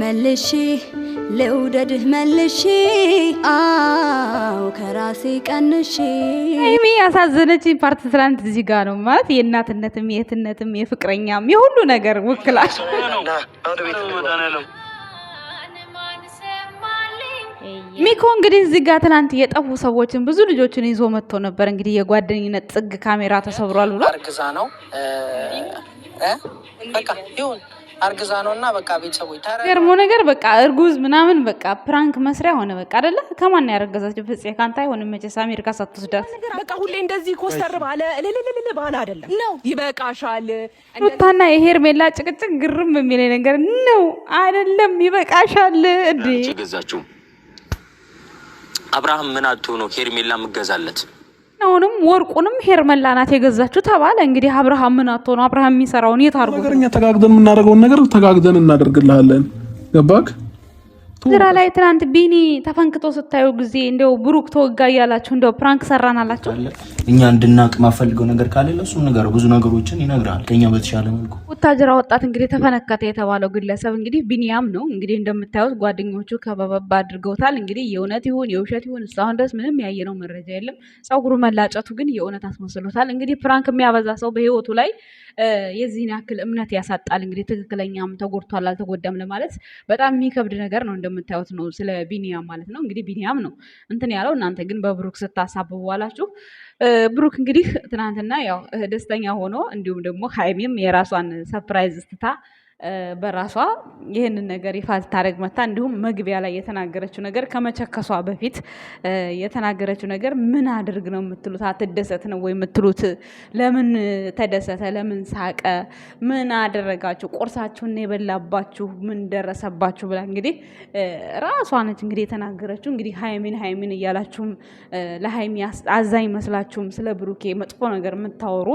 መልሼ ልውደድህ መልሼ አው ከራሴ ቀንሼ ይሚ ያሳዘነች ፓርት ትናንት እዚህ ጋር ነው ማለት የእናትነትም የእህትነትም የፍቅረኛም የሁሉ ነገር ውክላል። ሚኮ እንግዲህ እዚህ ጋር ትናንት የጠፉ ሰዎችን ብዙ ልጆችን ይዞ መጥቶ ነበር። እንግዲህ የጓደኝነት ጥግ ካሜራ ተሰብሯል ብሎ ነው አርግዛ ነው እና በቃ ቤተሰቦች ገርሞ ነገር በቃ እርጉዝ ምናምን በቃ ፕራንክ መስሪያ ሆነ። በቃ አደለ ከማን ያረገዛቸው ፍጽ ካንታ አይሆንም መቼ ሳሚር ሳትወስዳት በቃ ሁሌ እንደዚህ ኮስተር ባለ እልልልል ባለ አደለም ነው። ይበቃሻል ሩታና የሄርሜላ ጭቅጭቅ ግርም የሚለ ነገር ነው አደለም። ይበቃሻል እንዴ ገዛችሁ አብርሃም ምን አቶ ነው ሄርሜላ ምገዛለት አሁንም ወርቁንም ሄርመላ ናት የገዛችው ተባለ። እንግዲህ አብርሃም ምን አቶ ነው? አብርሃም የሚሰራውን የት አድርጎ ነገርኛ ተጋግዘን የምናደርገውን ነገር ተጋግዘን እናደርግልሃለን። ገባክ? ስራ ላይ ትናንት ቢኒ ተፈንክቶ ስታዩ ጊዜ እንደው ብሩክ ተወጋ እያላችሁ እንደው ፕራንክ ሰራን አላችሁ። እኛ እንድናቅ ማፈልገው ነገር ካለ ለሱም ነገር ብዙ ነገሮችን ይነግራል ከኛ በተሻለ መልኩ። ወታጀራ ወጣት እንግዲህ ተፈነከተ የተባለው ግለሰብ እንግዲህ ቢኒያም ነው። እንግዲህ እንደምታዩት ጓደኞቹ ከበበብ አድርገውታል። እንግዲህ የእውነት ይሁን የውሸት ይሁን እስካሁን ድረስ ምንም ያየነው መረጃ የለም። ጸጉሩ መላጨቱ ግን የእውነት አስመስሎታል። እንግዲህ ፕራንክ የሚያበዛ ሰው በህይወቱ ላይ የዚህን ያክል እምነት ያሳጣል። እንግዲህ ትክክለኛም ተጎድቷል አልተጎዳም ለማለት በጣም የሚከብድ ነገር ነው። እንደምታዩት ነው። ስለ ቢኒያም ማለት ነው እንግዲህ ቢኒያም ነው እንትን ያለው። እናንተ ግን በብሩክ ስታሳብቡ አላችሁ። ብሩክ እንግዲህ ትናንትና ያው ደስተኛ ሆኖ እንዲሁም ደግሞ ሀይሚም የራሷን ሰፕራይዝ ስትታ በራሷ ይህንን ነገር ይፋ ልታደረግ መታ። እንዲሁም መግቢያ ላይ የተናገረችው ነገር ከመቸከሷ በፊት የተናገረችው ነገር ምን አድርግ ነው የምትሉት? አትደሰት ነው ወይ የምትሉት? ለምን ተደሰተ? ለምን ሳቀ? ምን አደረጋችሁ? ቁርሳችሁን የበላባችሁ ምን ደረሰባችሁ? ብላ እንግዲህ ራሷ ነች እንግዲህ የተናገረችው። እንግዲህ ሀይሚን ሀይሚን እያላችሁም ለሀይሚ አዛኝ መስላችሁም ስለ ብሩኬ መጥፎ ነገር የምታወሩ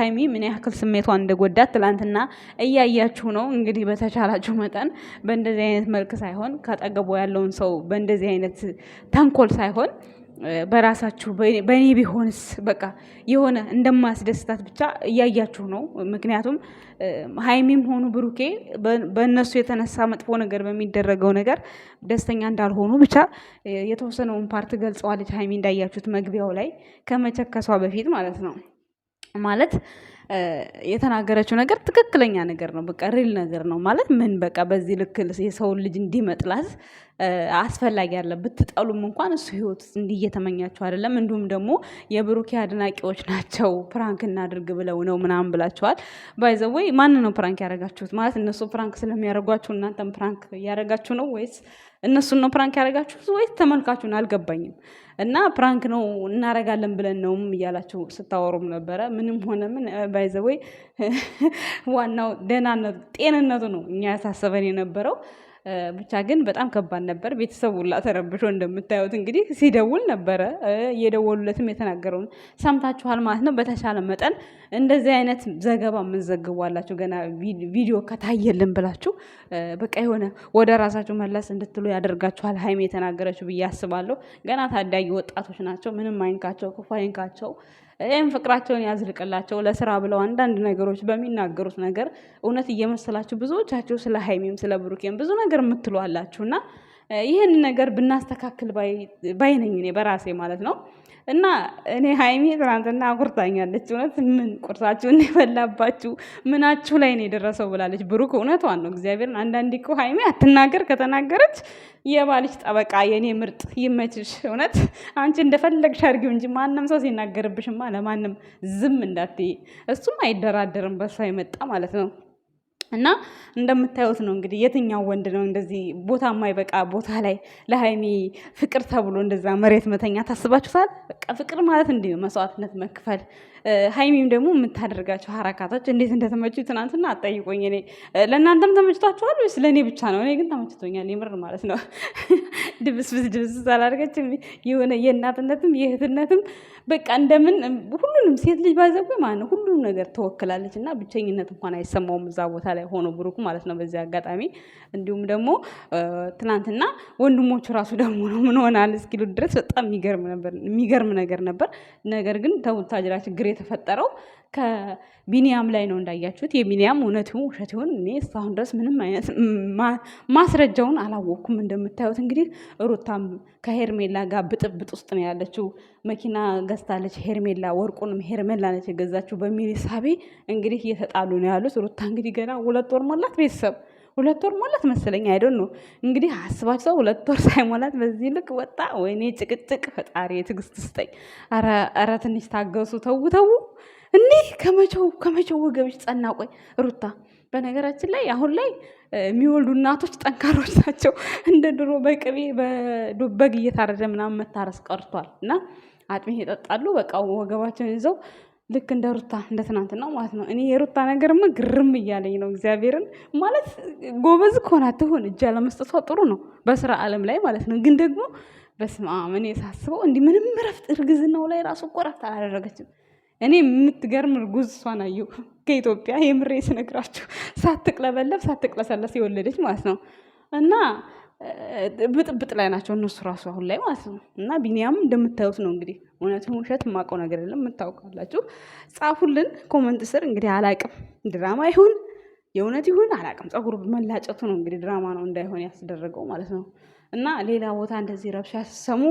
ሀይሚ ምን ያክል ስሜቷ እንደጎዳት ትላንትና እያያችሁ ነው። እንግዲህ በተቻላችሁ መጠን በእንደዚህ አይነት መልክ ሳይሆን ከጠገቡ ያለውን ሰው በእንደዚህ አይነት ተንኮል ሳይሆን በራሳችሁ በእኔ ቢሆንስ በቃ የሆነ እንደማስደስታት ብቻ እያያችሁ ነው። ምክንያቱም ሀይሚም ሆኑ ብሩኬ በእነሱ የተነሳ መጥፎ ነገር በሚደረገው ነገር ደስተኛ እንዳልሆኑ ብቻ የተወሰነውን ፓርት ገልጸዋለች ሀይሚ እንዳያችሁት መግቢያው ላይ ከመቸከሷ በፊት ማለት ነው ማለት የተናገረችው ነገር ትክክለኛ ነገር ነው። በቃ ሪል ነገር ነው ማለት ምን በቃ በዚህ ልክ የሰውን ልጅ እንዲመጥላት አስፈላጊ አይደለም። ብትጠሉም እንኳን እሱ ህይወት ውስጥ እንዲህ አይደለም። እንዲሁም ደግሞ የብሩኬ አድናቂዎች ናቸው ፕራንክ እናድርግ ብለው ነው ምናምን ብላቸዋል። ባይዘወይ ማን ነው ፕራንክ ያደረጋችሁት? ማለት እነሱ ፕራንክ ስለሚያደርጓችሁ እናንተም ፕራንክ ያደረጋችሁ ነው ወይስ እነሱን ነው ፕራንክ ያደረጋችሁት ወይስ ተመልካችሁን? አልገባኝም። እና ፕራንክ ነው እናደርጋለን ብለን ነውም እያላችሁ ስታወሩም ነበረ። ምንም ሆነ ምን ባይዘወይ ዋናው ደህናነቱ ጤንነቱ ነው እኛ ያሳሰበን የነበረው። ብቻ ግን በጣም ከባድ ነበር። ቤተሰቡ ሁላ ተረብሾ እንደምታዩት እንግዲህ ሲደውል ነበረ። እየደወሉለትም የተናገረውን ሰምታችኋል ማለት ነው። በተሻለ መጠን እንደዚህ አይነት ዘገባ የምንዘግቧላችሁ ገና ቪዲዮ ከታየልን ብላችሁ በቃ የሆነ ወደ ራሳችሁ መለስ እንድትሉ ያደርጋችኋል። ሀይሜ የተናገረችው ብዬ አስባለሁ። ገና ታዳጊ ወጣቶች ናቸው። ምንም አይንካቸው፣ ክፉ አይንካቸው። ይህም ፍቅራቸውን ያዝልቅላቸው። ለስራ ብለው አንዳንድ ነገሮች በሚናገሩት ነገር እውነት እየመሰላችሁ ብዙዎቻቸው ስለ ሀይሚም ስለ ብሩኬም ብዙ ነገር የምትሏላችሁ እና ይህን ነገር ብናስተካክል ባይ ነኝ እኔ በራሴ ማለት ነው። እና እኔ ሀይሚ ትናንትና አኩርታኛለች። እውነት ምን ቁርሳችሁ እንፈላባችሁ ምናችሁ ላይ ነው የደረሰው ብላለች። ብሩክ እውነቷን ነው። እግዚአብሔርን አንዳንድ እኮ ሀይሚ አትናገር፣ ከተናገረች የባልሽ ጠበቃ የእኔ ምርጥ ይመችሽ። እውነት አንቺ እንደፈለግሽ አድርጊው እንጂ ማንም ሰው ሲናገርብሽማ ለማንም ዝም እንዳትዪ። እሱም አይደራደርም በሷ የመጣ ማለት ነው። እና እንደምታዩት ነው እንግዲህ የትኛው ወንድ ነው እንደዚህ ቦታ የማይበቃ ቦታ ላይ ለሀይሚ ፍቅር ተብሎ እንደዛ መሬት መተኛ ታስባችሁታል? በቃ ፍቅር ማለት እንዲህ መስዋዕትነት መክፈል ሀይሚም ደግሞ የምታደርጋቸው ሀረካቶች እንዴት እንደተመቹ ትናንትና አጠይቆኝ። እኔ ለእናንተም ተመችቷችኋል ወይስ ለእኔ ብቻ ነው? እኔ ግን ተመችቶኛል የምር ማለት ነው። ድብስብስ ድብስብስ አላደርገችም። የሆነ የእናትነትም የእህትነትም በቃ እንደምን ሁሉንም ሴት ልጅ ባዘጉ ማለት ነው ሁሉም ነገር ትወክላለች እና ብቸኝነት እንኳን አይሰማውም እዛ ቦታ ላይ ሆኖ ብሩኩ ማለት ነው። በዚህ አጋጣሚ እንዲሁም ደግሞ ትናንትና ወንድሞቹ ራሱ ደግሞ ነው ምንሆናል እስኪሉ ድረስ በጣም የሚገርም ነገር ነበር። ነገር ግን ተውታጅራችን ችግር የተፈጠረው ከቢኒያም ላይ ነው እንዳያችሁት። የቢኒያም እውነት ይሁን ውሸት ይሁን እኔ እስካሁን ድረስ ምንም አይነት ማስረጃውን አላወቅኩም። እንደምታዩት እንግዲህ ሩታም ከሄርሜላ ጋር ብጥብጥ ውስጥ ነው ያለችው። መኪና ገዝታለች ሄርሜላ፣ ወርቁንም ሄርሜላ ነች የገዛችው በሚል ሳቤ እንግዲህ እየተጣሉ ነው ያሉት። ሩታ እንግዲህ ገና ሁለት ወር ሞላት ቤተሰብ ሁለት ወር ሞላት መሰለኝ አይደን ነው እንግዲህ ሰው ሁለት ወር ሳይሞላት በዚህ ልክ ወጣ። ወይኔ ጭቅጭቅ፣ ፈጣሪ የትዕግስት ስጠኝ። ኧረ ትንሽ ታገሱ፣ ተው ተው። እኔ ከመቼው ከመቼው ወገብሽ ጸና። ቆይ ሩታ፣ በነገራችን ላይ አሁን ላይ የሚወልዱ እናቶች ጠንካሮች ናቸው። እንደ ድሮ በቅቤ በዶበግ እየታረደ ምናምን መታረስ ቀርቷል እና አጥሜ ይጠጣሉ። በቃ ወገባቸውን ይዘው ልክ እንደ ሩታ እንደ ትናንትና ማለት ነው። እኔ የሩታ ነገርማ ግርም እያለኝ ነው። እግዚአብሔርን ማለት ጎበዝ ከሆና ትሆን እጅ ያለመስጠቷ ጥሩ ነው በስራ አለም ላይ ማለት ነው። ግን ደግሞ በስመ አብ እኔ ሳስበው እንዲህ ምንም እረፍት እርግዝናው ላይ ራሱ እኮ እረፍት አላደረገችም። እኔ የምትገርም እርጉዝ እሷን አየሁ ከኢትዮጵያ የምሬ ስነግራችሁ ሳትቅለበለብ ሳትቅለሰለስ የወለደች ማለት ነው እና ብጥብጥ ላይ ናቸው እነሱ ራሱ አሁን ላይ ማለት ነው። እና ቢኒያም እንደምታዩት ነው እንግዲህ እውነትን ውሸት የማውቀው ነገር የለም። የምታውቃላችሁ ጻፉልን ኮመንት ስር እንግዲህ አላቅም ድራማ ይሁን የእውነት ይሁን አላቅም። ጸጉሩ መላጨቱ ነው እንግዲህ ድራማ ነው እንዳይሆን ያስደረገው ማለት ነው። እና ሌላ ቦታ እንደዚህ ረብሻ ሲሰሙ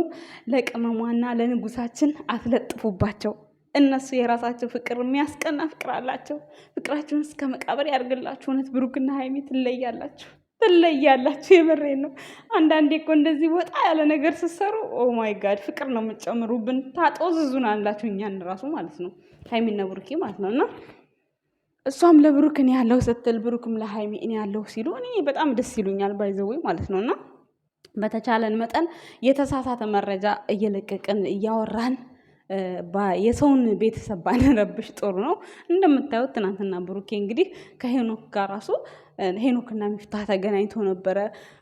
ለቅመሟና ለንጉሳችን አትለጥፉባቸው። እነሱ የራሳቸው ፍቅር የሚያስቀና ፍቅር አላቸው። ፍቅራችሁን እስከ መቃብር ያደርግላችሁ። እውነት ብሩክና ሀይሚ ትለያላችሁ። ትለያላችሁ። የምሬን ነው። አንዳንዴ እኮ እንደዚህ ወጣ ያለ ነገር ስትሰሩ ማይ ጋድ ፍቅር ነው የምትጨምሩብን። ታጦዝዙን አላችሁ እኛን ራሱ ማለት ነው ሀይሚና ብሩኬ ማለት ነው እና እሷም ለብሩክ እኔ ያለው ስትል ብሩክም ለሀይሚ እኔ ያለው ሲሉ እኔ በጣም ደስ ይሉኛል። ባይዘወይ ማለት ነው እና በተቻለን መጠን የተሳሳተ መረጃ እየለቀቅን እያወራን የሰውን ቤተሰብ ባንረብሽ ጥሩ ነው። እንደምታዩት ትናንትና ብሩኬ እንግዲህ ከሄኖክ ጋር ራሱ ሄኖክና ሚፍታህ ተገናኝቶ ነበረ።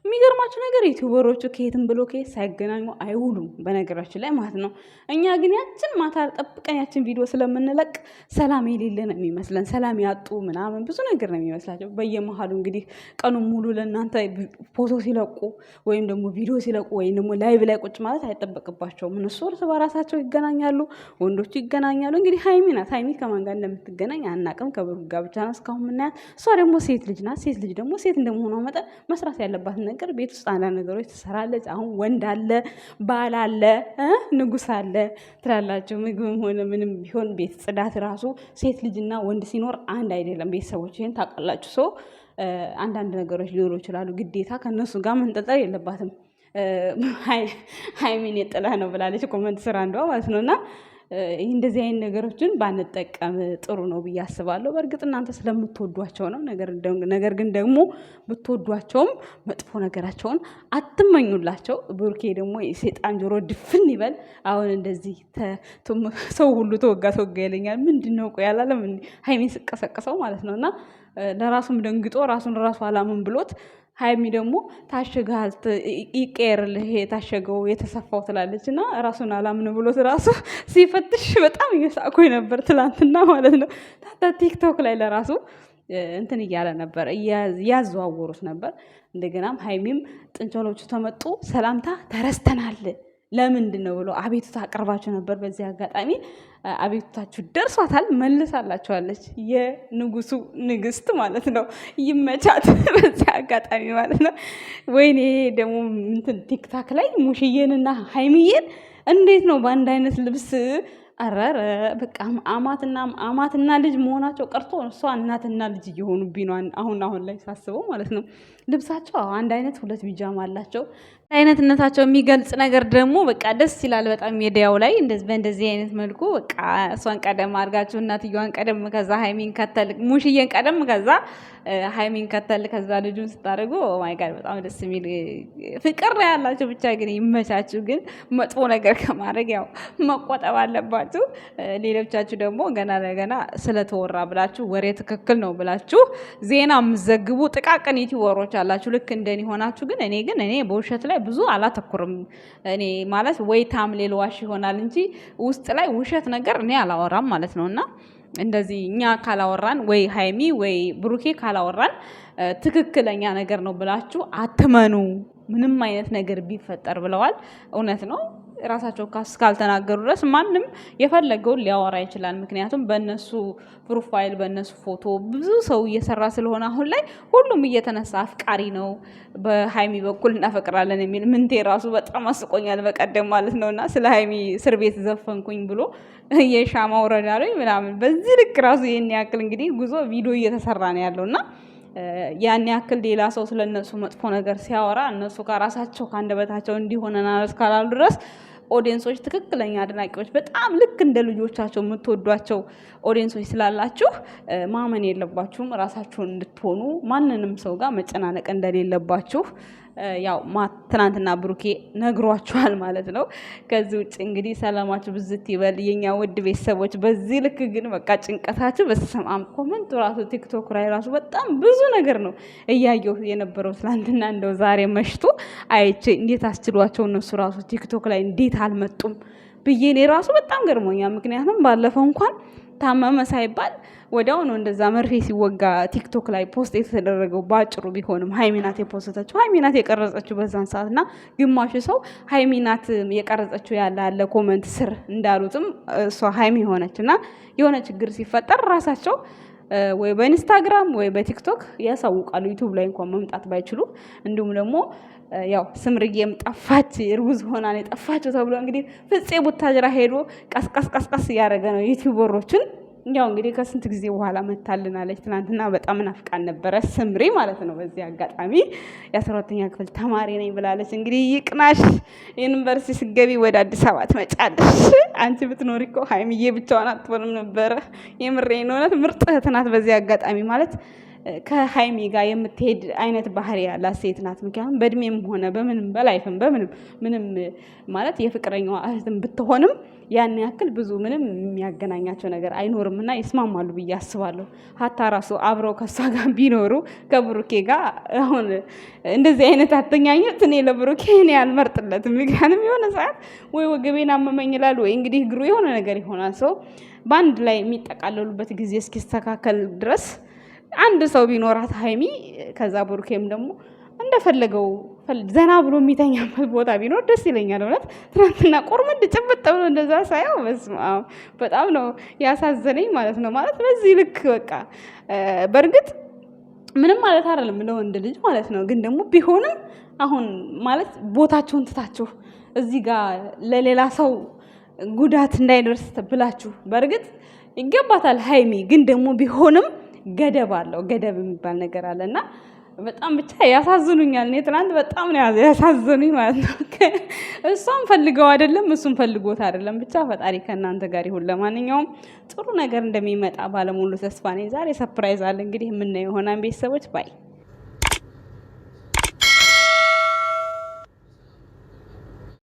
የሚገርማቸው ነገር ዩቲዩበሮቹ ከየትም ብሎ ከየት ሳይገናኙ አይውሉም፣ በነገራችን ላይ ማለት ነው። እኛ ግን ያችን ማታ ጠብቀን ያችን ቪዲዮ ስለምንለቅ ሰላም የሌለ ነው የሚመስለን፣ ሰላም ያጡ ምናምን ብዙ ነገር ነው የሚመስላቸው። በየመሀሉ እንግዲህ ቀኑን ሙሉ ለእናንተ ፎቶ ሲለቁ ወይም ደግሞ ቪዲዮ ሲለቁ ወይም ደግሞ ላይቭ ላይ ቁጭ ማለት አይጠበቅባቸውም። እነሱ እርስ በራሳቸው ይገናኛሉ፣ ወንዶቹ ይገናኛሉ። እንግዲህ ሀይሚ ናት። ሀይሚ ከማን ጋር እንደምትገናኝ አናቅም። ከብሩ ጋር ብቻ ነው እስካሁን ምናያት። እሷ ደግሞ ሴት ልጅ ናት። ሴት ልጅ ደግሞ ሴት እንደመሆኗ መጠን መስራት ያለባትን ነገር ቤት ውስጥ አንዳንድ ነገሮች ትሰራለች። አሁን ወንድ አለ፣ ባል አለ፣ ንጉስ አለ ትላላቸው። ምግብም ሆነ ምንም ቢሆን ቤት ጽዳት ራሱ ሴት ልጅና ወንድ ሲኖር አንድ አይደለም። ቤተሰቦች ይህን ታውቃላችሁ። ሰው አንዳንድ ነገሮች ሊኖሩ ይችላሉ። ግዴታ ከእነሱ ጋር መንጠልጠል የለባትም። ሀይሚን የጥላ ነው ብላለች ኮመንት ስራ እንደዋ ማለት ነው እና እንደዚህ አይነት ነገሮችን ባንጠቀም ጥሩ ነው ብዬ አስባለሁ። በእርግጥ እናንተ ስለምትወዷቸው ነው። ነገር ግን ደግሞ ብትወዷቸውም መጥፎ ነገራቸውን አትመኙላቸው። ብሩኬ ደግሞ የሴጣን ጆሮ ድፍን ይበል። አሁን እንደዚህ ሰው ሁሉ ተወጋ ተወጋ ይለኛል። ምንድን ነው ቆይ አላለም ሀይሜን ስቀሰቀሰው ማለት ነው እና ለራሱም ደንግጦ ራሱን ራሱ አላምን ብሎት ሀይሚ ደግሞ ታሽግሃል ይቀርል ይሄ ታሸገው የተሰፋው ትላለች እና ራሱን አላምን ብሎት ራሱ ሲፈትሽ በጣም እየሳቆኝ ነበር ትላንትና ማለት ነው። ታታ ቲክቶክ ላይ ለራሱ እንትን እያለ ነበር እያዘዋወሩት ነበር። እንደገናም ሀይሚም ጥንቸሎቹ ተመጡ ሰላምታ ተረስተናል ለምንድን ነው ብሎ አቤቱታ አቅርባችሁ ነበር። በዚህ አጋጣሚ አቤቱታችሁ ደርሷታል፣ መልሳላችኋለች። የንጉሱ ንግስት ማለት ነው። ይመቻት። በዚህ አጋጣሚ ማለት ነው። ወይኔ ደግሞ እንትን ቲክታክ ላይ ሙሽዬንና ሀይሚዬን እንዴት ነው በአንድ አይነት ልብስ አረረ በቃ አማትና አማትና ልጅ መሆናቸው ቀርቶ እሷ እናትና ልጅ እየሆኑብኝ ነው። አሁን አሁን ላይ ሳስበው ማለት ነው። ልብሳቸው አንድ አይነት ሁለት ቢጃማ አላቸው። አይነትነታቸው የሚገልጽ ነገር ደግሞ በቃ ደስ ይላል በጣም ሜዲያው ላይ በእንደዚህ አይነት መልኩ በቃ እሷን ቀደም አድርጋችሁ እናትየዋን ቀደም ከዛ ሀይሚን ከተል ሙሽዬን ቀደም ከዛ ሀይሚን ከተል ከዛ ልጁን ስታደርጉ ማይጋድ በጣም ደስ የሚል ፍቅር ያላቸው ብቻ ግን ይመቻችሁ። ግን መጥፎ ነገር ከማድረግ ያው መቆጠብ አለባቸው። ያላችሁ ሌሎቻችሁ ደግሞ ገና ለገና ስለተወራ ብላችሁ ወሬ ትክክል ነው ብላችሁ ዜና የምዘግቡ ጥቃቅን ዩቲዩበሮች አላችሁ። ልክ እንደኔ ሆናችሁ ግን እኔ ግን እኔ በውሸት ላይ ብዙ አላተኩርም። እኔ ማለት ወይ ታምሌል ዋሽ ይሆናል እንጂ ውስጥ ላይ ውሸት ነገር እኔ አላወራም ማለት ነው እና እንደዚህ እኛ ካላወራን ወይ ሀይሚ ወይ ብሩኬ ካላወራን ትክክለኛ ነገር ነው ብላችሁ አትመኑ። ምንም አይነት ነገር ቢፈጠር ብለዋል። እውነት ነው። ራሳቸው እስካልተናገሩ ድረስ ማንም የፈለገውን ሊያወራ ይችላል። ምክንያቱም በእነሱ ፕሮፋይል በእነሱ ፎቶ ብዙ ሰው እየሰራ ስለሆነ አሁን ላይ ሁሉም እየተነሳ አፍቃሪ ነው፣ በሀይሚ በኩል እናፈቅራለን የሚል ምንቴ ራሱ በጣም አስቆኛል። በቀደም ማለት ነው እና ስለ ሀይሚ እስር ቤት ዘፈንኩኝ ብሎ የሻማ ወረዳ ላይ ምናምን በዚህ ልክ ራሱ ይህን ያክል እንግዲህ ጉዞ ቪዲዮ እየተሰራ ነው ያለው እና ያን ያክል ሌላ ሰው ስለነሱ መጥፎ ነገር ሲያወራ እነሱ ከራሳቸው ከአንደበታቸው እንዲሆነናል እስካላሉ ድረስ ኦዲየንሶች ትክክለኛ አድናቂዎች በጣም ልክ እንደ ልጆቻቸው የምትወዷቸው ኦዲየንሶች ስላላችሁ ማመን የለባችሁም። ራሳችሁን እንድትሆኑ ማንንም ሰው ጋር መጨናነቅ እንደሌለባችሁ ያው ትናንትና ብሩኬ ነግሯችኋል ማለት ነው። ከዚህ ውጭ እንግዲህ ሰላማችሁ ብዝት ይበል የኛ ውድ ቤተሰቦች። በዚህ ልክ ግን በቃ ጭንቀታችሁ በተሰማም ኮመንት ራሱ ቲክቶክ ላይ ራሱ በጣም ብዙ ነገር ነው እያየሁ የነበረው ትናንትና። እንደው ዛሬ መሽቶ አይቼ እንዴት አስችሏቸው እነሱ ራሱ ቲክቶክ ላይ እንዴት አልመጡም ብዬ እኔ ራሱ በጣም ገርሞኛል። ምክንያቱም ባለፈው እንኳን ታመመ ሳይባል ወዲያው እንደዛ መርፌ ሲወጋ ቲክቶክ ላይ ፖስት የተደረገው በአጭሩ ቢሆንም ሀይሚናት የፖስተችው ሀይሚናት የቀረጸችው በዛን ሰዓት እና ግማሹ ሰው ሀይሚናት የቀረጸችው ያለ አለ ኮመንት ስር እንዳሉትም እሷ ሀይሚ የሆነች እና የሆነ ችግር ሲፈጠር ራሳቸው ወይ በኢንስታግራም ወይ በቲክቶክ ያሳውቃሉ። ዩቱብ ላይ እንኳን መምጣት ባይችሉ እንዲሁም ደግሞ ያው ስምርዬም ጠፋች እርጉዝ ሆና ነው የጠፋችው ተብሎ እንግዲህ ፍፄ ቡታጅራ ሄዶ ቀስቀስቀስቀስ እያደረገ ነው ዩቲዩበሮችን እንዲያው እንግዲህ ከስንት ጊዜ በኋላ መታልናለች። ትናንትና በጣም ናፍቃን ነበረ ስምሪ ማለት ነው። በዚህ አጋጣሚ የአስራ ሁለተኛ ክፍል ተማሪ ነኝ ብላለች። እንግዲህ ይቅናሽ፣ ዩኒቨርሲቲ ስገቢ ወደ አዲስ አበባ ትመጫለሽ። አንቺ ብትኖሪ እኮ ሀይምዬ ብቻዋን አትሆንም ነበረ። የምሬን እውነት ምርጥ እህት ናት። በዚህ አጋጣሚ ማለት ከሀይሚ ጋር የምትሄድ አይነት ባህሪ ያላት ሴት ናት። ምክንያቱም በእድሜም ሆነ በምንም በላይፍም በምንም ምንም ማለት የፍቅረኛዋ እህትም ብትሆንም ያን ያክል ብዙ ምንም የሚያገናኛቸው ነገር አይኖርም እና ይስማማሉ ብዬ አስባለሁ። ሀታ ራሱ አብረው ከእሷ ጋር ቢኖሩ ከብሩኬ ጋር አሁን እንደዚህ አይነት አተኛኘት እኔ ለብሩኬ እኔ አልመርጥለትም። ምክንያቱም የሆነ ሰዓት ወይ ወገቤን አመመኝ ይላል ወይ እንግዲህ እግሩ የሆነ ነገር ይሆናል። ሰው በአንድ ላይ የሚጠቃለሉበት ጊዜ እስኪስተካከል ድረስ አንድ ሰው ቢኖራት ሀይሚ ከዛ ቡርኬም ደግሞ እንደፈለገው ዘና ብሎ የሚተኛበት ቦታ ቢኖር ደስ ይለኛል። እውነት ትናንትና ቆርመድ ጭብጥ ብሎ እንደዛ ሳየው በስመ አብ በጣም ነው ያሳዘነኝ ማለት ነው። ማለት በዚህ ልክ በቃ በእርግጥ ምንም ማለት አይደለም ለወንድ ልጅ ማለት ነው። ግን ደግሞ ቢሆንም አሁን ማለት ቦታችሁን ትታችሁ እዚህ ጋር ለሌላ ሰው ጉዳት እንዳይደርስ ብላችሁ በእርግጥ ይገባታል ሀይሚ ግን ደግሞ ቢሆንም ገደብ አለው። ገደብ የሚባል ነገር አለ እና በጣም ብቻ ያሳዝኑኛል። እኔ ትናንት በጣም ነው ያሳዝኑኝ ማለት ነው። እሷም ፈልገው አይደለም እሱም ፈልጎት አይደለም። ብቻ ፈጣሪ ከእናንተ ጋር ይሁን። ለማንኛውም ጥሩ ነገር እንደሚመጣ ባለሙሉ ተስፋ ነኝ። ዛሬ ሰፕራይዝ አለ እንግዲህ የምናየው የሆናን ቤተሰቦች ባይ